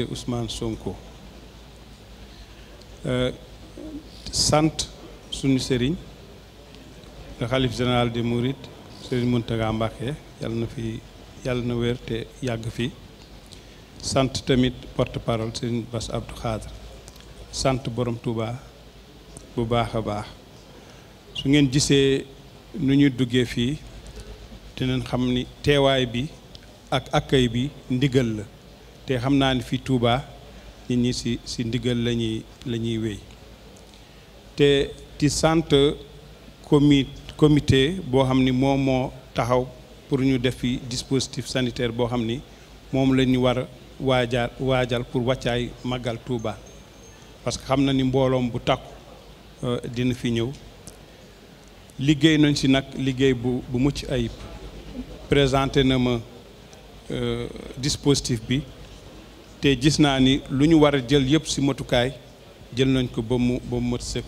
monsieur Ousmane Sonko euh, sant suñu sëriñ le xalif général de murit sëriñ Mountaga Mbacké yàlla na fi yàlla na wér te yàgg fi sant tamit porte parole sëriñ Bass Abdou Khadre sant borom Touba bu baax a baax su ngeen gisee nu ñu duggee fii dinañ xam ni teewaay bi ak akkay bi ndigal la te xam naa ne fii Touba nit ñi si si ndigal lañuy la ñuy wéy te ti sant comi comité boo xam ni moom moo taxaw pour ñu def fi dispositif sanitaire boo xam ni moom la ñu war a waajal waajal pour wàccaay màggal Touba parce que xam na ni mbooloom bu takku euh, dina fi ñëw liggéey nañ si nag liggéey bu bu mucc ayib présenté na ma euh, dispositif bi te gis naa ni lu ñu war a jël yëpp ci matukaay jël nañ ko ba mu ba mu mat sëkk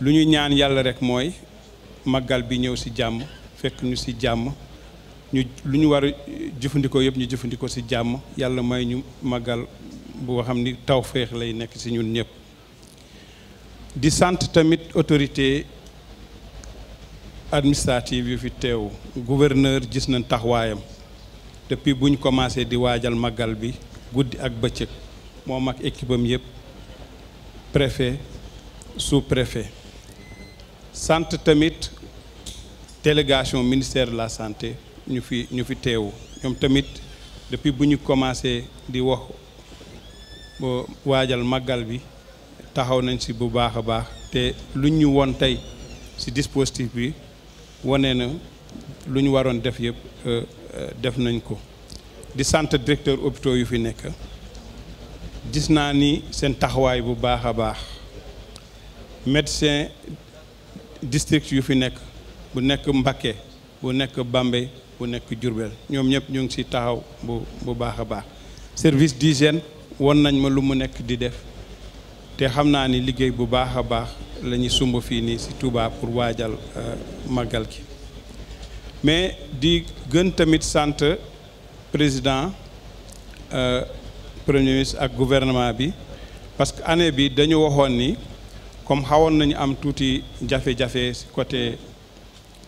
lu ñu ñaan yàlla rek mooy màggal bi ñëw ci jàmm fekk ñu ci jàmm ñu lu ñu war a jëfandikoo yëpp ñu jëfandikoo ci jàmm yàlla may ñu màggal boo xam ni tawféex lay nekk ci ñun ñëpp di sant tamit autorité administrative yu fi teew gouverneur gis nañ taxawaayam depuis bu ñu commencé di waajal màggal bi guddi ak bëccëg moo mag équipe am yëpp préfet sous préfet sant tamit délégation ministère de la santé ñu fi ñu fi teewu ñoom tamit depuis bu ñu commencé di wax waajal màggal bi taxaw nañ ci bu baax a baax te lu ñu won tey ci dispositif bi wane na lu ñu waroon def yëpp euh, euh, def nañ ko di sant directeur hôpitaux yu fi nekk gis naa ni seen taxawaay bu baax a baax médecin district yu fi nekk bu nekk Mbacké bu nekk bambe bu nekk jurbel ñoom ñëpp ñu ngi ci taxaw bu bu baax a baax service d'hygiène won nañ ma lu mu nekk di def te xam naa ni liggéey bu baax a baax lañuy ñuy sumb fii nii si Touba pour waajal euh, màggal gi mais di gën tamit sant président euh, premier ministre ak guvernement bi parce que année bi dañu waxoon ni comme xawoon nañu am tuuti jafe-jafe si côté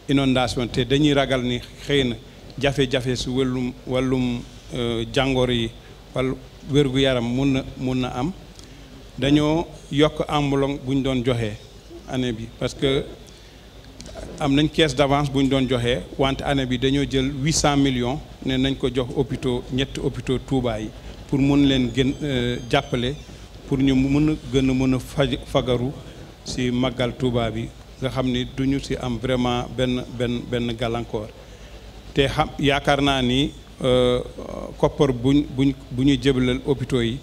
inondation te dañuy ragal ni xëy na jafe-jafe si wàllum wàllum euh, jàngoro yi wàllu wér yaram mun na mun na am dañoo yokk ambulance bu ñu doon joxe année bi parce am nañ caisse d'avance bu ñu doon joxee wante année bi dañoo jël huit cent millions ne nañ ko jox opito ñetti hôpitaux Touba pour mun leen gën euh, jàppale pour ñu mën a gën a mën a fagaru si màggal Touba bi nga xam ni duñu si am vraiment benn benn benn gàllankoor te xam yaakaar naa ni euh, koppar buñ buñ bu ñu jëbalal hôpitaux yi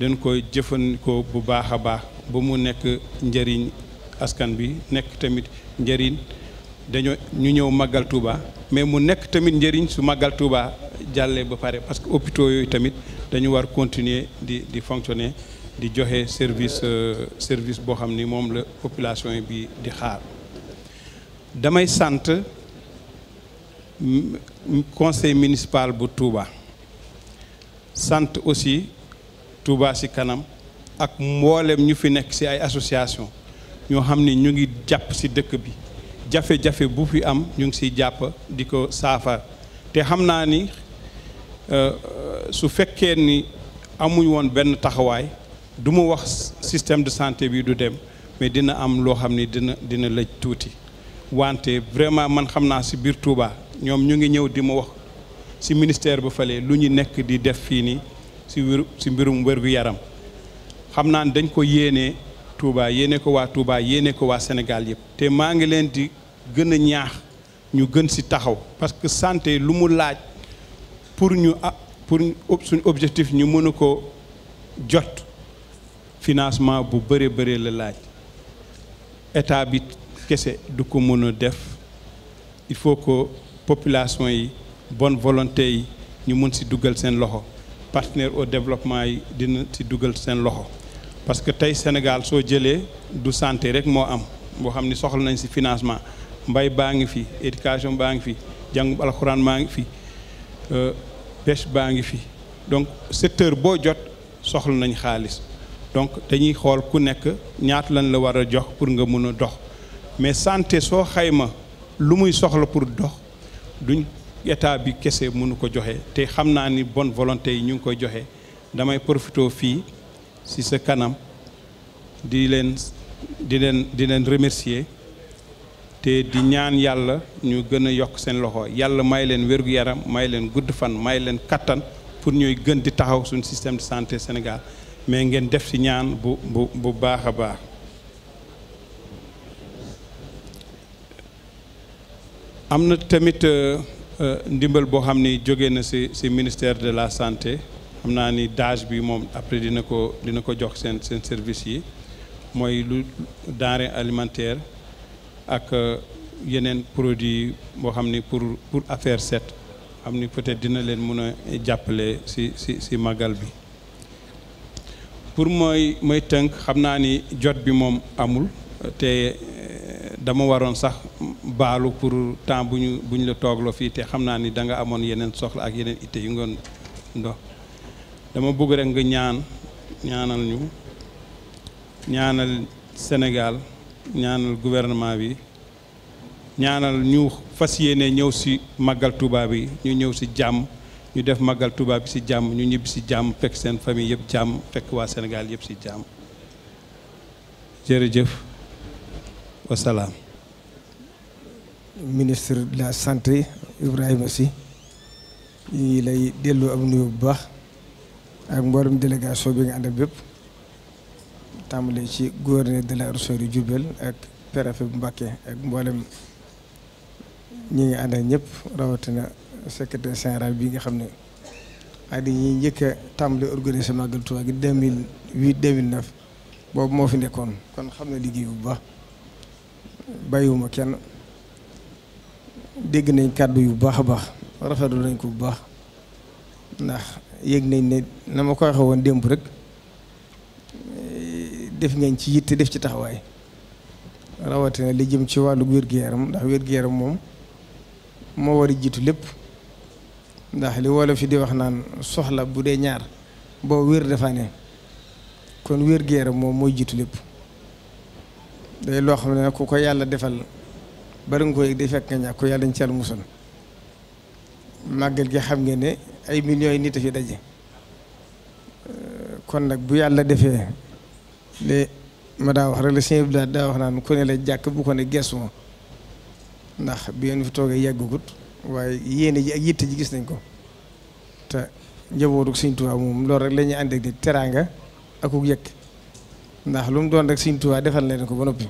dañ koy jëfandikoo bu baax a baax ba mu nekk njëriñ askan bi nek tamit njëriñ dañu ñu ñew magal Touba mais mu nek tamit njëriñ su magal Touba jallé ba paré parce que hôpitaux yoy tamit dañu war continuer di di fonctionner di joxé service euh, service bo xamni mom la population bi di xaar damay sante conseil municipal bu Touba sante aussi Touba ci kanam ak mboolem ñu fi nek ci ay association ñoo xam ne ñu ngi jàpp si dëkk bi jafe-jafe bu fi am ñu ngi siy jàpp di ko saafara te xam naa ni euh, su fekkee ni amuñ woon benn taxawaay du mu wax système de santé bi du dem mais dina am loo xam ni dina dina lëj tuuti wante vraiment man xam naa si biir Touba ñoom ñu ngi ñëw di mu wax si ministère ba fale lu ñu nekk di def fii nii si wér si mbirum wér gu yaram xam naa dañ ko yéenee Touba yéene ko wa Touba yéene ko wa Sénégal yëpp te ma ngi len di gën ñaax ñu gën ci taxaw parce que santé lu mu laaj pour ñu ah, pour suñ objectif ñu mën ko jot financement bu bëré bëré la laaj état bi kessé du ko mëna def il faut que population yi bonne volonté yi ñu mën si dugal seen loxo partenaire au développement yi dina ci duggal seen loxo parce que tey Sénégal soo jëlee du santé rek moo am boo xam ni soxla nañ si financement mbay baa ngi fi éducation baa ngi fi jàngub alxuraan baa ngi fi euh, pêche baa ngi fi donc secteur boo jot soxla nañ xaalis donc dañuy xool ku nekk ñaata lañ la war a jox pour nga mun a dox mais santé soo xayma lu muy soxla pour dox duñ état bi kese mënu ko joxe te xam naa ni bonne volonté yi ñu ngi koy joxe damay profité fii si ce canam, di len di len di len remercier té di ñaan yalla ñu gëna yok seen loxo yalla may len wërgu yaram may len gudd fan may len kattan pour ñoy gën di taxaw suñ système de santé Sénégal mais ngeen def ci ñaan bu bu bu baax a baax am tamit euh, euh, ndimbal bo xamni ni na ci ministère de la santé xam naa ni dage bi moom après dina ko dina ko jox seen seen service yi mooy lu denrée alimentaire ak euh, yeneen produits boo xam ni pour pour affaire set xam ni peut-être dina leen mën a jàppale si si si màggal bi pour mooy mooy tënk xam naa ni jot bi moom amul te euh, dama waroon sax baalu pour temps bu ñu bu ñu la toogloo fii te xam naa ni da nga amoon yeneen soxla ak yeneen itte yi ngoon dox dama bëgg rek nga ñaan ñaanal ñu ñaanal Sénégal ñaanal gouvernement bi ñaanal ñu fas yéene ñëw si màggal tubaab yi ñu ñëw si jàmm ñu def màggal tubaab bi si jàmm ñu ñibbi si jàmm fekk seen famille yëpp jàmm fekk waa Sénégal yëpp si jàmm jëf wasalaam. ministre de la santé Ibrahima si ñu lay delloo am nuyu bu baax. ak mboolem délégation bi nga àndal bépp tàmbalee ci gouverneur de la région de ak préfet bu Mbacké ak mboolem ñi ngi àndal ñëpp rawatina secrétaire général bi nga xam ne ak dañuy njëkk a tàmbali organisé Magal Touba gi 2008 2009 boobu moo fi nekkoon kon xam na liggéey bu baax bàyyiwuma kenn dégg nañ kàddu yu baax a baax rafetlu nañ ko bu baax ndax yëg nañ ne na ma ko waxe woon démb rek def ngeen ci yitte def ci taxawaay rawatina li jëm ci wàllu wér-gu-yaram ndax wér-gu-yaram moom moo war a jiitu lépp ndax li wolof yi di wax naan soxla bu dee ñaar boo wér dafa ne kon moom mooy jiitu lépp loo xam ne ku ko yàlla defal bari nga ko yëg day fekk nga ñàkk ko yàlla ñu ci musal màggal gi xam ngeen ne ay millions yi nit a fi daje kon nag bu yàlla defee li ma daa wax rek la sëñ daa wax naan ku ne la jàkk bu ko ne gestu ndax bi ngeen fi toogee yàggagut waaye yéene ji ak yitte ji gis nañ ko te njabootu Sëñ Tuubaa moom loolu rek la ñuy ànd ak di teraanga akuk yëkk ndax lu mu doon rek Sëñ Tuubaa defal leen ko ba noppi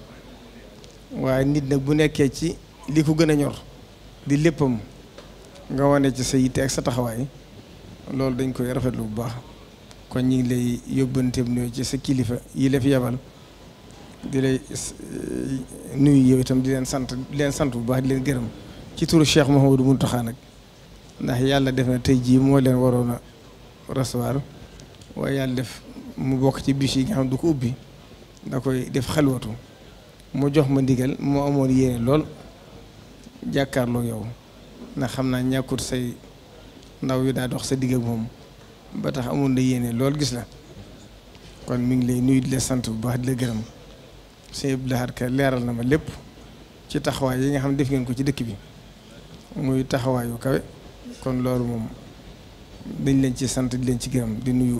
waaye nit nag bu nekkee ci li ko gën a ñor di léppam nga wane ci sa yitte ak sa taxawaay loolu dañ koy rafetlu bu baax kon ñu ngi lay yóbbanteem nuyu ci sa kilifa yi la yabal di lay eh, nuyu yow itam di leen sant di leen sant bu baax di leen gërëm ci turu Cheikh Mouhamadou Mountakha ndax yàlla def na tey jii moo leen waroon a waaye yàlla def mu bokk ci bis yi nga xam du ko ubbi da koy def xelwatu mu jox ma ndigal moo amoon yéene lool jàkkaarloo yow ndax xam naa ñàkkut say. ndaw yu daa dox sa digg moom ba tax amoon na yéene lool gis la kon mu ngi lay nuyu di la sant bu baax di la gërëm sëñ Abdou Lahad Ka leeral na ma lépp ci taxawaay yi nga xam def ngeen ko ci dëkk bi muy taxawaayu kawe kon loolu moom dañ leen ci sant di leen ci gërëm di nuyu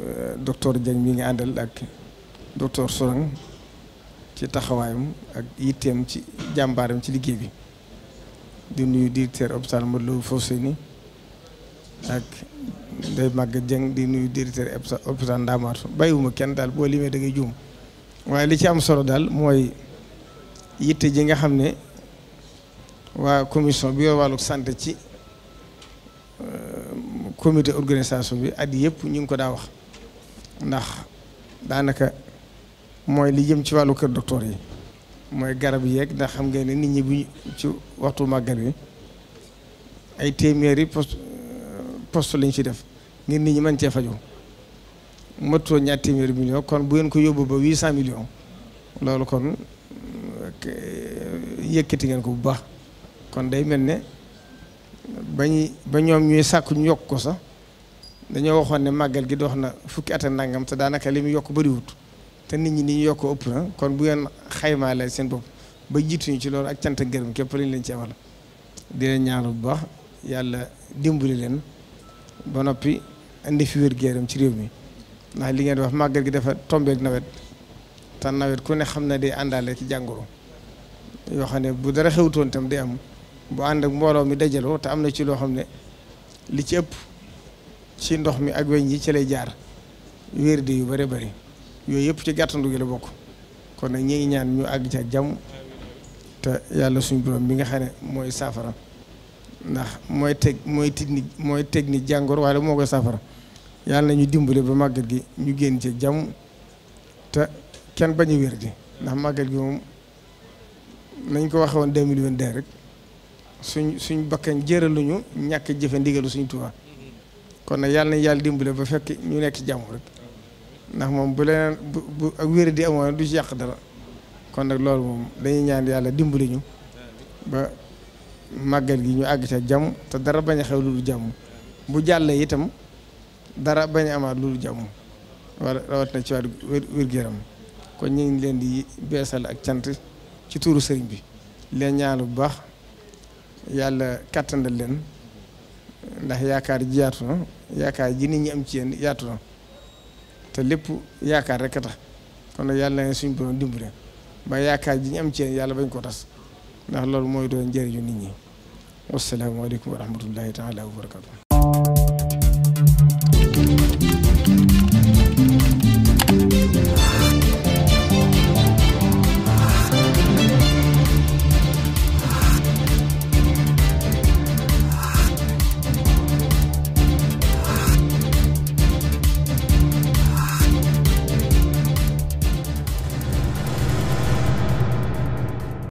euh, docteur Dieng mi ngi àndal ak docteur Sourang ci taxawaayam ak yitteem ci jàmbaaram ci liggéey bi di nuyu directeur hôpital Matlaboul Fawzayni ak day màgg jëng di nuyu directeur hôpital Ndamatou bàyyiwuma kenn daal boo limee da ngay juum waaye li ci am solo daal mooy yitte ji nga xam ne waa commission bi yor wàllu santé ci euh, comité organisation bi at yëpp ñu ngi ko daa wax ndax daanaka mooy li jëm ci wàllu kër docteur yi mooy garab yeeg ndax xam ngeen nit ñi bu ci waxtu màggal bi ay téeméeri poste poste lañ ci def ngir nit ñi mën cee fajoo mottoo ñaar téeméeri million kon bu ngeen ko yóbbu ba huit cent millions loolu kon eh, yëkkati ngeen ko bu baax kon day mel ne bañu ba ñoom ñuy sàkku ñu yokk ko sax dañoo waxoon ne màggal gi dox na fukki at nangam sa daanaka li mu yokk bariwut te nit ñi ni ñu yokk ëpp na kon bu ngeen xaymaa la seen bopp ba jiituñu ci loolu ak cant ak gërëm képp lañ leen ci amal di leen bu baax yàlla dimbali leen ba noppi indi fi wér gu ci réew mi ndax li ngeen wax màggal gi dafa tombeek nawet te nawet ku ne xam ne day àndaale ci jàngoro yoo xam ne bu dara xewtoon tam day am bu ànd ak mbooloo mi dajaloo te am na ci loo xam ne li ci ëpp ci ndox mi ak weñ yi ci lay jaar wér de yu bare bari yooyu yëpp ci gàttandu gi la bokk kon nag ñu ngi ñaan ñu àgg ci ak jàmm te yàlla suñu borom bi nga xam ne mooy saafara ndax mooy teg mooy technique mooy technique jàngoor waaye moo koy safara yàlla na ñu dimbale ba màggat gi ñu génn ci jàmm te kenn bañ a wér di ndax màggal gi moom nañ ko waxee woon deux rek suñ suñ bakkan jëraluñu ñàkk jëfe ndigalu suñ kon nag yàlla nañ yàlla dimbale ba fekk ñu nekk ci jàmm ndax moom bu leneen bu bu ak wér amoon du ci yàq dara kon nag loolu moom dañuy ñaan yàlla dimbali ñu ba. màggal gi ñu àgg ca jàmm te dara bañ a xew lu dul jàmm bu jàllee itam dara bañ a amaat lu dul jàmm wala rawat na ci wàllu wér-gu-yaram kon ñu ngi leen di beesal ak cant ci tuuru sëriñ bi leen ñaan bu baax yàlla kàttandal leen ndax yaakaar ji yaatu na yaakaar ji nit ñi am ci yéen yaatu na te lépp yaakaar rek tax kon nag yàlla na suñ borom dimbale ba yaakaar ji ñu am ci yéen yàlla bañ koo tas ndax loolu mooy doon njëriñu nit ñi wasalaamaaleykum wa rahmatullahi taala wa barakatu